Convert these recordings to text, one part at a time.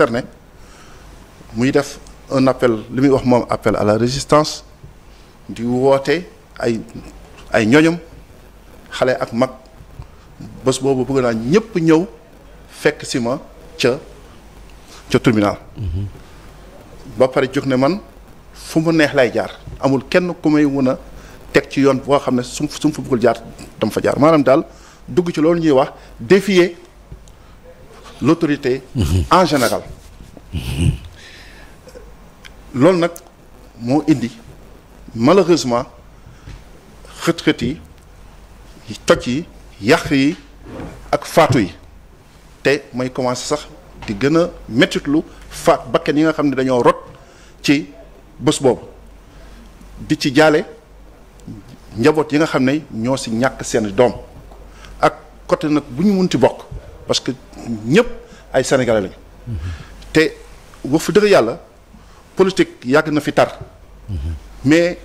terne muy def un appel li muy wax moom appel à la résistance di woote ay ay ñoñom xale ak mag bés boobu bëgg naa ñëpp ñëw fekk si ma ca ca tribunal mm-hmm. ba pare jóg ne man fu mu neex lay jaar amul kenn ku may mën a teg ci yoon boo xam ne su su mu fa bëggul jaar dama fa jaar maanaam daal dugg ci loolu ñuy wax défier l'autorité mhm. en général loolu nag moo indi malheureusement xët-xët yi toj yi yàq yi ak faatu yi te may commencer sax di gën a mettitlu faat bakkan yi nga xam ne dañoo rot ci bés boobu di ci jaale njaboot yi nga xam ne ñoo si ñàkk seen doom ak côté nag bu ñu munti bokk parce ñëpp ay sénégalais lañ te wax fa dëgg yàlla politique yàgg na fi tar. mais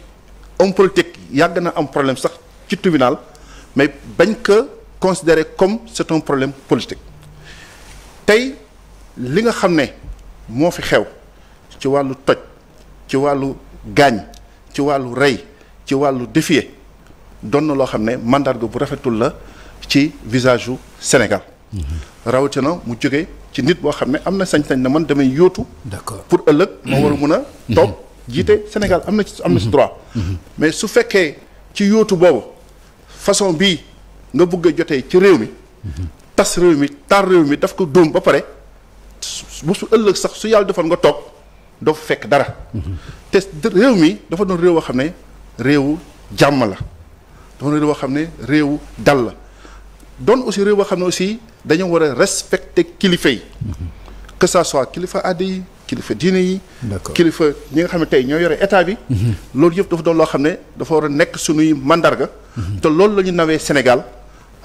homme politique yàgg na am problème sax ci tribunal mais bañ ko considérer comme c'est un problème politique tey li nga xam ne moo fi xew ci wàllu toj ci wàllu gaañ ci wàllu rey ci wàllu défier doon na loo xam ne mandarga bu rafetul la ci visage u Sénégal rawatina mu jógee ci nit woo xam ne am na sañ-sañ na man damay yóotu. d'accord pour ëllëg moo war a mun a. toog jiite Sénégal am na ci am na droit. mais su fekkee ci yóotu boobu façon bi nga bëgg a jotee ci réew mi. tas réew mi tar mi daf ko dóom ba pare bu ëllëg sax su yàlla defal nga toog doo fekk dara. te réew mi dafa doon réew woo xam ne réewu jàmm la dafa doon réew woo xam ne réewu dal la doon aussi réew woo xam ne aussi. dañoo war a respecter kilifa yi mhm. que ça soit kilifa aada yi kilifa diine yi kilifa ñi nga xam ne tey ñoo yore état bi mhm. loolu yëpp dafa doon loo xam ne dafa war a nekk suñuy mandarga mhm. te loolu la ñu nawee Sénégal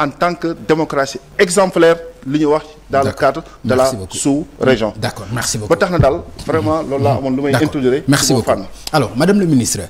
en tant que démocratie exemplaire li ñu wax dans le cadre de la sous-région d'accord merci beaucoup ba tax na daal vraiment loolu laa amoon lu may introduire merci beaucoup alors madame le ministre